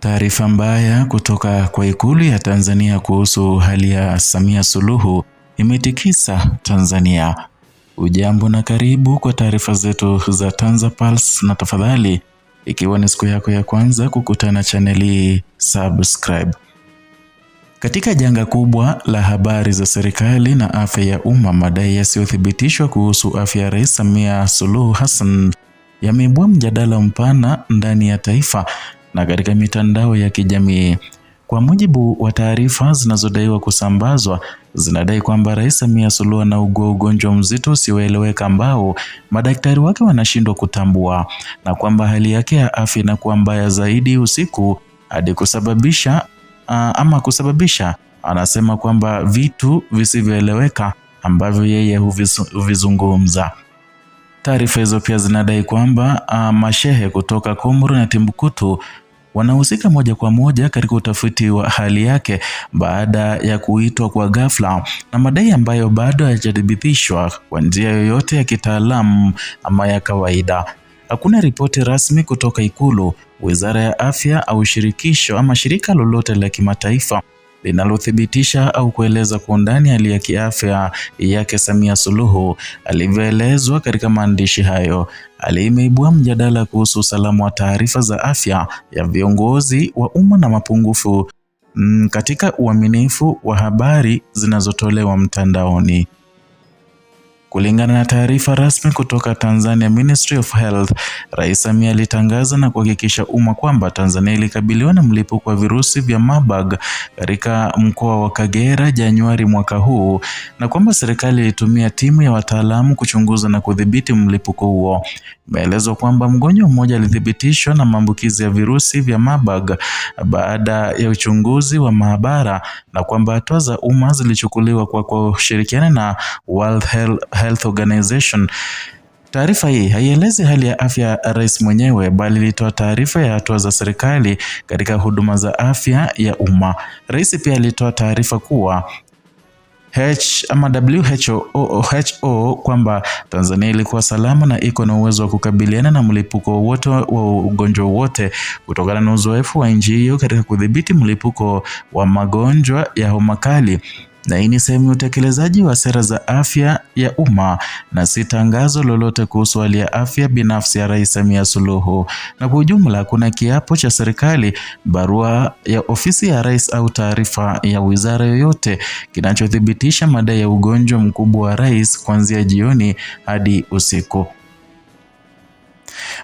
Taarifa mbaya kutoka kwa Ikulu ya Tanzania kuhusu hali ya Samia Suluhu imetikisa Tanzania. Ujambo na karibu kwa taarifa zetu za Tanza Pulse, na tafadhali, ikiwa ni siku yako ya kwanza kukutana channel hii, subscribe. Katika janga kubwa la habari za serikali na afya ya umma, madai yasiyothibitishwa kuhusu afya ya Rais Samia Suluhu Hassan yameibua mjadala mpana ndani ya taifa na katika mitandao ya kijamii. Kwa mujibu wa taarifa zinazodaiwa kusambazwa, zinadai kwamba Rais Samia Suluhu anaugua ugonjwa mzito usioeleweka ambao madaktari wake wanashindwa kutambua na kwamba hali yake ya afya inakuwa mbaya zaidi usiku hadi kusababisha uh, ama kusababisha anasema kwamba vitu visivyoeleweka ambavyo yeye huvizungumza. Taarifa hizo pia zinadai kwamba ah, mashehe kutoka Komoro na Timbuktu wanahusika moja kwa moja katika utafiti wa hali yake baada ya kuitwa kwa ghafla, na madai ambayo bado hayajathibitishwa kwa njia yoyote ya kitaalamu ama ya kawaida. Hakuna ripoti rasmi kutoka Ikulu, Wizara ya Afya au shirikisho ama shirika lolote la kimataifa linalothibitisha au kueleza kwa undani hali ya kiafya yake Samia Suluhu alivyoelezwa katika maandishi hayo. Hali imeibua mjadala kuhusu usalama wa taarifa za afya ya viongozi wa umma na mapungufu mm, katika uaminifu wa habari zinazotolewa mtandaoni. Kulingana na taarifa rasmi kutoka Tanzania Ministry of Health, Rais Samia alitangaza na kuhakikisha umma kwamba Tanzania ilikabiliwa na mlipuko wa virusi vya Marburg katika mkoa wa Kagera Januari mwaka huu na kwamba serikali ilitumia timu ya wataalamu kuchunguza na kudhibiti mlipuko huo. Imeelezwa kwamba mgonjwa mmoja alithibitishwa na maambukizi ya virusi vya Marburg baada ya uchunguzi wa maabara na kwamba hatua za umma zilichukuliwa kwa kushirikiana na World Health Health Organization. Taarifa hii haielezi hali ya afya ya rais mwenyewe bali ilitoa taarifa ya hatua za serikali katika huduma za afya ya umma. Rais pia alitoa taarifa kuwa H ama WHO kwamba Tanzania ilikuwa salama na iko na uwezo wa kukabiliana na mlipuko wote wa ugonjwa wote kutokana na uzoefu wa nchi hiyo katika kudhibiti mlipuko wa magonjwa ya homa kali na hii ni sehemu ya utekelezaji wa sera za afya ya umma na si tangazo lolote kuhusu hali ya afya binafsi ya Rais Samia Suluhu. Na kwa ujumla kuna kiapo cha serikali, barua ya ofisi ya rais au taarifa ya wizara yoyote kinachothibitisha madai ya ugonjwa mkubwa wa rais kuanzia jioni hadi usiku.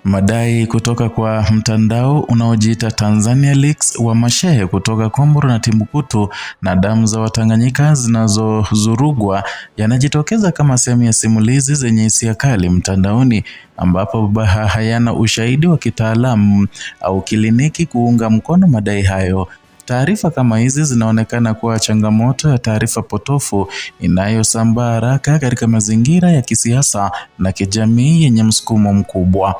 Madai kutoka kwa mtandao unaojiita Tanzania Leaks wa mashehe kutoka Komoro na Timbuktu na damu za Watanganyika zinazozurugwa yanajitokeza kama sehemu ya simulizi zenye hisia kali mtandaoni, ambapo hayana ushahidi wa kitaalamu au kliniki kuunga mkono madai hayo. Taarifa kama hizi zinaonekana kuwa changamoto ya taarifa potofu inayosambaa haraka katika mazingira ya kisiasa na kijamii yenye msukumo mkubwa.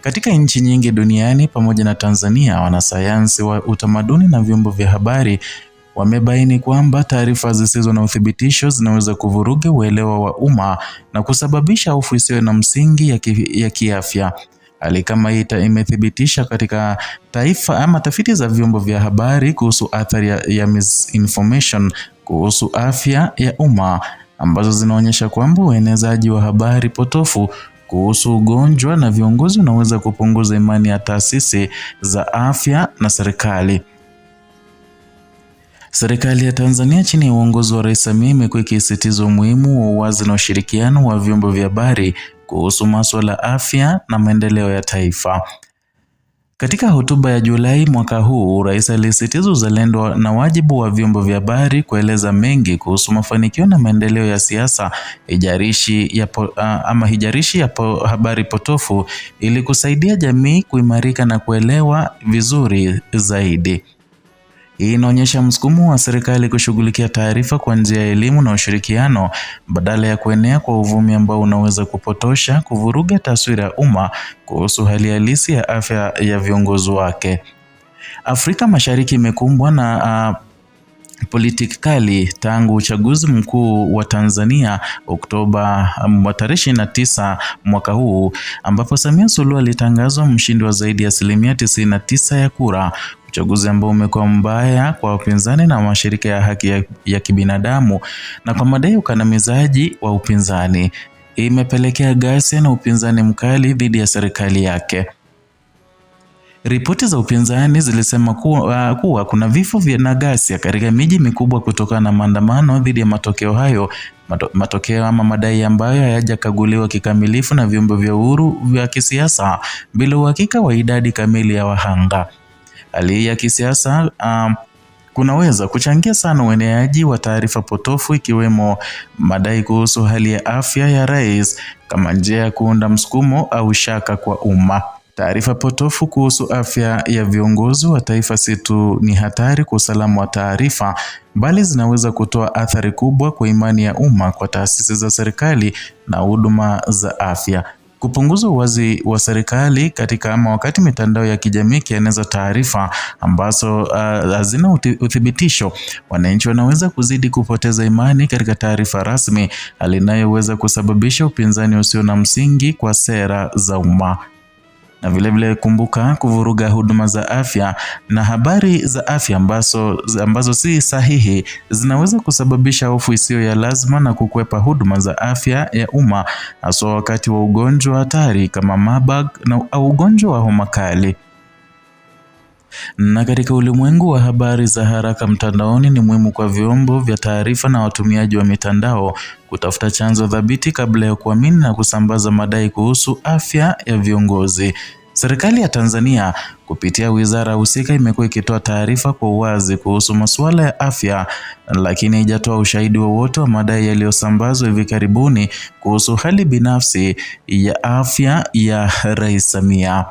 Katika nchi nyingi duniani pamoja na Tanzania, wanasayansi wa utamaduni na vyombo vya habari wamebaini kwamba taarifa zisizo na uthibitisho zinaweza kuvuruga uelewa wa umma na kusababisha hofu isiyo na msingi ya kiafya. Hali kama hii imethibitisha katika taifa ama tafiti za vyombo vya habari kuhusu athari ya, ya misinformation kuhusu afya ya umma ambazo zinaonyesha kwamba uenezaji wa habari potofu kuhusu ugonjwa na viongozi unaweza kupunguza imani ya taasisi za afya na serikali. Serikali ya Tanzania chini ya uongozi wa Rais Samia imekuwa ikisisitiza umuhimu wa uwazi na ushirikiano wa vyombo vya habari kuhusu masuala afya na maendeleo ya taifa. Katika hotuba ya Julai mwaka huu, rais alisisitiza uzalendo na wajibu wa vyombo vya habari kueleza mengi kuhusu mafanikio na maendeleo ya siasa, hijarishi ya po, ama hijarishi ya po, habari potofu ili kusaidia jamii kuimarika na kuelewa vizuri zaidi. Hii inaonyesha msukumo wa serikali kushughulikia taarifa kwa njia ya elimu na ushirikiano badala ya kuenea kwa uvumi ambao unaweza kupotosha, kuvuruga taswira ya umma kuhusu hali halisi ya afya ya viongozi wake. Afrika Mashariki imekumbwa na uh, politiki kali tangu uchaguzi mkuu wa Tanzania Oktoba wa tarehe mwaka huu ambapo Samia Suluhu alitangazwa mshindi wa zaidi ya asilimia 99 ya kura uchaguzi ambao umekuwa mbaya kwa upinzani na mashirika ya haki ya, ya kibinadamu na kwa madai ukandamizaji wa upinzani. imepelekea ghasia na upinzani mkali dhidi ya serikali yake. Ripoti za upinzani zilisema kuwa, uh, kuwa kuna vifo vya na ghasia katika miji mikubwa kutokana na maandamano dhidi ya matokeo hayo, matokeo ama madai ambayo hayajakaguliwa kikamilifu na vyombo vya uhuru vya kisiasa bila uhakika wa idadi kamili ya wahanga. Hali hii ya kisiasa um, kunaweza kuchangia sana ueneaji wa taarifa potofu ikiwemo madai kuhusu hali ya afya ya rais kama njia ya kuunda msukumo au shaka kwa umma. Taarifa potofu kuhusu afya ya viongozi wa taifa si tu ni hatari kwa usalama wa taarifa, bali zinaweza kutoa athari kubwa kwa imani ya umma kwa taasisi za serikali na huduma za afya kupunguza uwazi wa serikali katika ama wakati mitandao ya kijamii ikieneza taarifa ambazo uh, hazina uh, uthibitisho, wananchi wanaweza kuzidi kupoteza imani katika taarifa rasmi, hali inayoweza kusababisha upinzani usio na msingi kwa sera za umma na vilevile vile kumbuka kuvuruga huduma za afya na habari za afya ambazo, ambazo si sahihi zinaweza kusababisha hofu isiyo ya lazima na kukwepa huduma za afya ya umma haswa wakati wa ugonjwa hatari kama Marburg na ugonjwa wa homa kali. Na katika ulimwengu wa habari za haraka mtandaoni ni muhimu kwa vyombo vya taarifa na watumiaji wa mitandao kutafuta chanzo thabiti kabla ya kuamini na kusambaza madai kuhusu afya ya viongozi. Serikali ya Tanzania kupitia wizara husika imekuwa ikitoa taarifa kwa uwazi kuhusu masuala ya afya, lakini haijatoa ushahidi wowote wa, wa madai yaliyosambazwa hivi karibuni kuhusu hali binafsi ya afya ya Rais Samia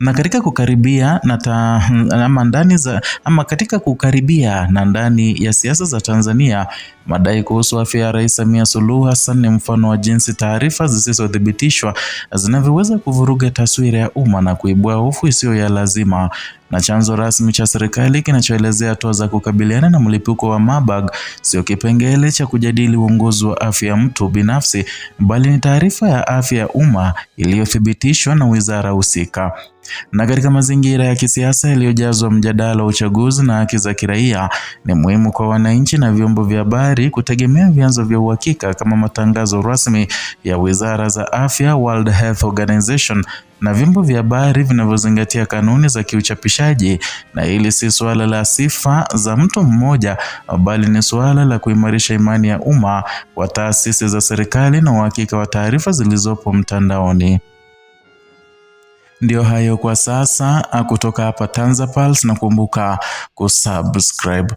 na katika kukaribia na ta, ama ndani za, ama katika kukaribia na ndani ya siasa za Tanzania Madai kuhusu afya ya Rais Samia Suluhu Hassan ni mfano wa jinsi taarifa zisizothibitishwa zinavyoweza kuvuruga taswira ya umma na kuibua hofu isiyo ya lazima na chanzo rasmi cha serikali kinachoelezea hatua za kukabiliana na mlipuko wa Marburg sio kipengele cha kujadili uongozi wa afya ya mtu binafsi, bali ni taarifa ya afya ya umma iliyothibitishwa na wizara husika. Na katika mazingira ya kisiasa yaliyojazwa mjadala wa uchaguzi na haki za kiraia, ni muhimu kwa wananchi na vyombo vya habari habari kutegemea vyanzo vya uhakika kama matangazo rasmi ya Wizara za Afya, World Health Organization na vyombo vya habari vinavyozingatia kanuni za kiuchapishaji, na hili si suala la sifa za mtu mmoja, bali ni suala la kuimarisha imani ya umma wa taasisi za serikali na uhakika wa taarifa zilizopo mtandaoni. Ndiyo hayo kwa sasa kutoka hapa TanzaPulse, na kumbuka kusubscribe